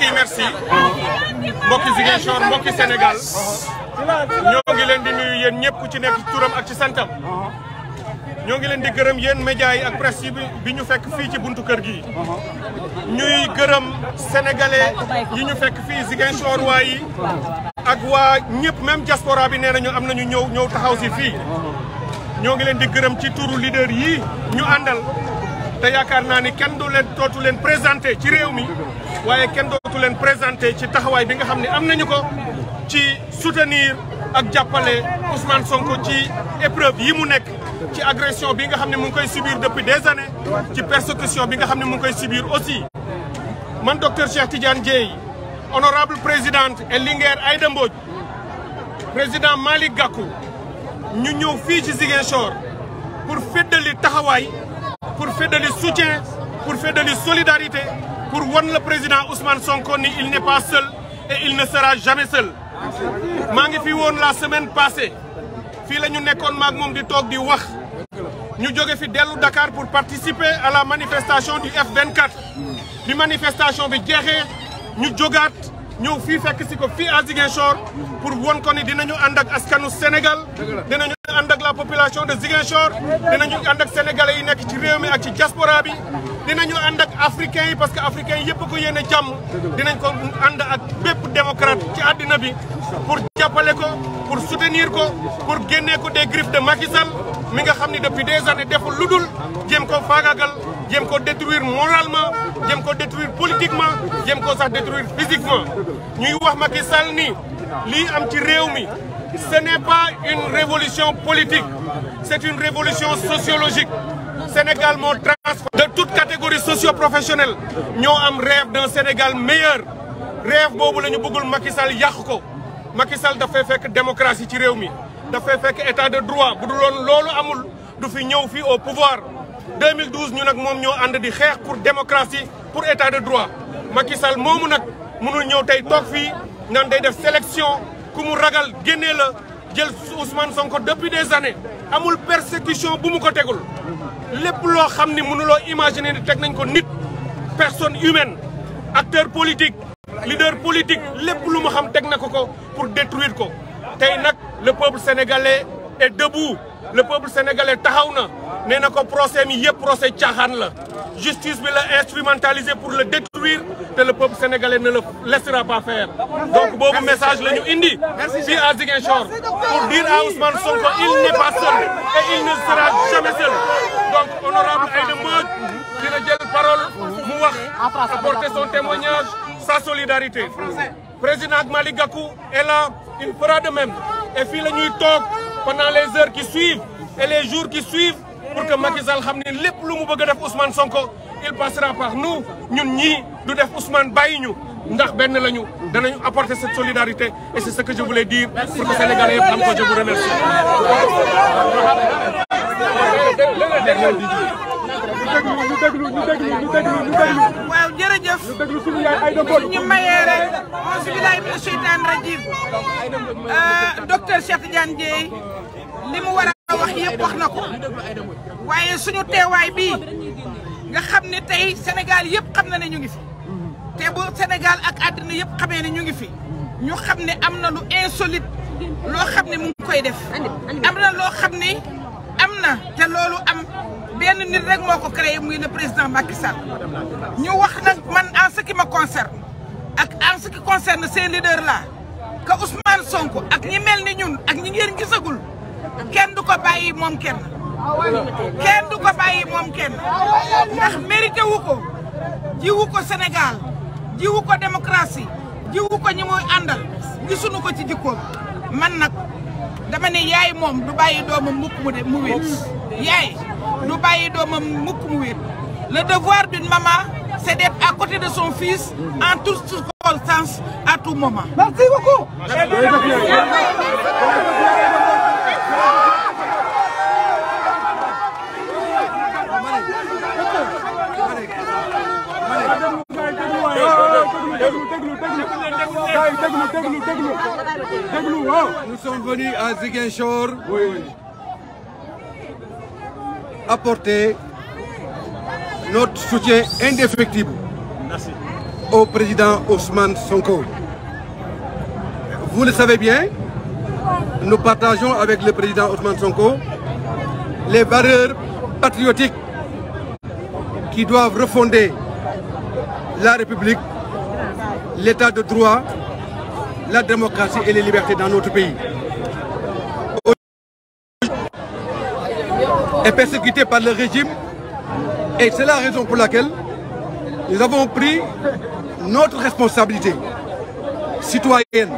mbokk yi merci mbokki Ziguinchor mbokki Sénégal ñoo ngi leen di nuyu yéen ñëpp ku ci nekk turam ak ci santam ñoo ngi leen di gërëm yéen média yi ak presse yi bi ñu fekk fii ci buntu kër gi ñuy gërëm sénégalais yi ñu fekk fii Ziguinchor waa yi ak waa ñëpp même diaspora bi nee nañu am nañu ñëw ñëw taxaw si fii ñoo ngi leen di gërëm ci turu leader yi ñu àndal te yaakaar naa ni kenn du leen dootu leen présenté ci réew mi waaye kenn dootu leen présenté ci taxawaay bi nga xam ne ko ci soutenir ak jàppale Ousmane Sonko ci épreuve yi mu nekk ci agression bi nga xam ne mu ngi subir depuis des années ci persécution bi nga xam ne mu ngi subir aussi man docteur Cheikh Tidiane Dieye honorable présidente et Linguère Aïda Mbodj président Malik Gakou ñu ñëw fii ci Ziguinchor pour féddali taxawaay pour faire de soutien, pour faire de la solidarité, pour voir le président Ousmane Sonko il n'est pas seul et il ne sera jamais seul. Je suis la semaine passée. nous sommes ñu nekkoon maag di di wax Dakar pour participer à la manifestation du F24 La manifestation de guerre, nous sommes fait fii fekk si ko fii pour won ko ni dinañu de ak askanu Sénégal ànd ak la population de Ziguinchor dinañu ànd ak sénégalais yi nekk ci réew mi ak ci diaspora bi dinañu ànd ak africains yi parce que africains yi yëpp ko yéene jàmm dinañ ko ànd ak bépp démocrate ci àddina bi pour jàppale ko pour soutenir ko pour génnee ko des griffes de Macky mi nga xam ni depuis des années def lu dul jéem ko faagaagal jéem ko détruire moralement jéem ko détruire politiquement jéem ko sax détruire physiquement ñuy wax Macky Sall ni lii am ci réew mi Ce n'est pas une révolution politique, c'est une révolution sociologique. Sénégal m'a transformé de toute catégorie socio-professionnelle Nous am rêve d'un Sénégal meilleur rêve que nous, avons bëggul Macky Sall Macky démocratie ci réew mi état de droit Nous dul amul du au pouvoir 2012 nous avons fait ñoo ànd pour démocratie pour état de droit Macky Sall mon nag la sélection comme ragal génnee la Ousmane Sonko depuis des années amul persécution bu mu ko tegul lépp loo xam ni mënuloo imaginer ni teg ko nit personne humaine acteur politique leader politique les plus xam pour détruire ko le peuple sénégalais est debout le peuple sénégalais taxaw na nee procès mi yëpp procès caaxaan la justice veut l'instrumentaliser pour le détruire et le peuple sénégalais ne le laissera pas faire donc bon message le indi Si à pour dire à Ousmane Sonko il n'est pas seul et il ne sera jamais seul donc honorable qui a dit la parole mu apporter son témoignage sa solidarité président Agmali Gakou est là il fera de même et puis, le nuit talk pendant les heures qui suivent et les jours qui suivent pour que Macky Sall ne lu mu bëgg Sonko il passera par nous nous, nous, du def Ousmane nous ndax apporter cette solidarité et c'est ce que je voulais dire pour que Sénégalais je vous remercie. wax yëpp wax na ko waaye suñu teewaay bi nga xam ne tey Sénégal yëpp xam na ne ñu ngi fi te bu Sénégal ak àddina yëpp xamee ne ñu ngi fi ñu xam ne am na lu insolite loo xam ne mu ngi koy def am na loo xam ne am na te loolu am benn nit rek moo ko créé muy na président Macky Sall ñu wax nag man en ki qui me ak en ce qui concerne seen leader la que Ousmane Sonko ak ñi mel ni ñun ak ñi ngeen gisagul kenn du ko bàyyi moom kenn kenn du ko bàyyi moom kenn ndax mérité wu di jiwu Sénégal di ko démocratie di ko ñi muy àndal gisuñu ko ci jikko man nak dama né yaay mom du bayyi doomam mukk mu de mu wéet yaay du bayyi doomam mukk mu wéet le devoir d'une maman c'est d'être à côté de son fils en toute circonstance à tout moment merci beaucoup nous sommes venus à Ziguinchor. apporter notre soutien indéfectible. au président Ousmane Sonko. Vous le savez bien, nous partageons avec le président Ousmane Sonko les valeurs patriotiques qui doivent refonder la République l'état de droit, la démocratie et les libertés dans notre pays. est persécuté par le régime et c'est la raison pour laquelle nous avons pris notre responsabilité citoyenne,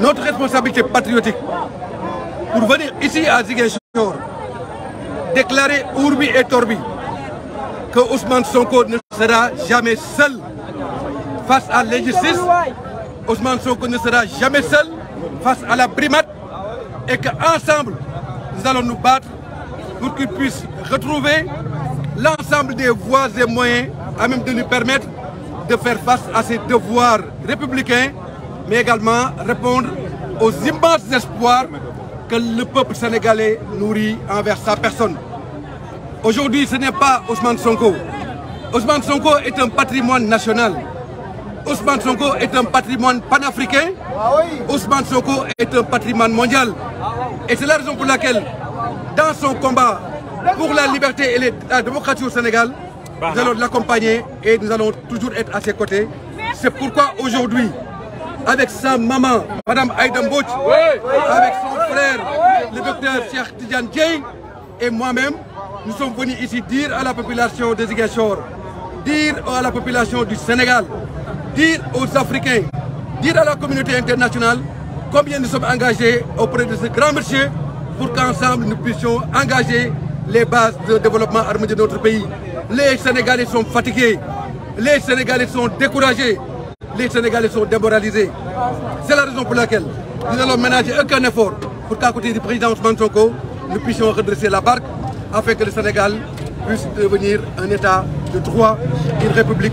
notre responsabilité patriotique pour venir ici à Ziguinchor déclarer Urbi et Torbi que Ousmane Sonko ne sera jamais seul face à l'injustice, Ousmane Sonko ne sera jamais seul face à la primate et qu'ensemble, nous allons nous battre pour qu'il puisse retrouver l'ensemble des voies et moyens à même de nous permettre de faire face à ses devoirs républicains, mais également répondre aux immenses espoirs que le peuple sénégalais nourrit envers sa personne. Aujourd'hui, ce n'est pas Ousmane Sonko. Ousmane Sonko est un patrimoine national. Ousmane Sonko est un patrimoine panafricain. Ousmane Sonko est un patrimoine mondial. Et c'est la raison pour laquelle, dans son combat pour la liberté et la démocratie au Sénégal, nous allons l'accompagner et nous allons toujours être à ses côtés. C'est pourquoi aujourd'hui, avec sa maman, Madame Aïda avec son frère, le docteur Cheikh Tidjan Djei, et moi-même, nous sommes venus ici dire à la population des Igashor, dire à la population du Sénégal dire aux Africains, dire à la communauté internationale combien nous sommes engagés auprès de ce grand marché pour qu'ensemble nous puissions engager les bases de développement armé de notre pays. Les Sénégalais sont fatigués, les Sénégalais sont découragés, les Sénégalais sont démoralisés. C'est la raison pour laquelle nous allons ménager aucun effort pour qu'à côté du président Ousmane Sonko, nous puissions redresser la barque afin que le Sénégal puisse devenir un État de droit, une république.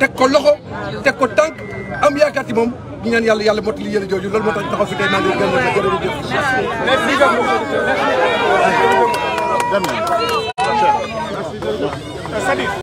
teg ko loxo teg ko tànk am yaakaar ci moom ñu ñaan yàlla yàlla mottali yéen a jooju loolu moo tax taxaw fi tey maa ngi leen di gërëm di jëf.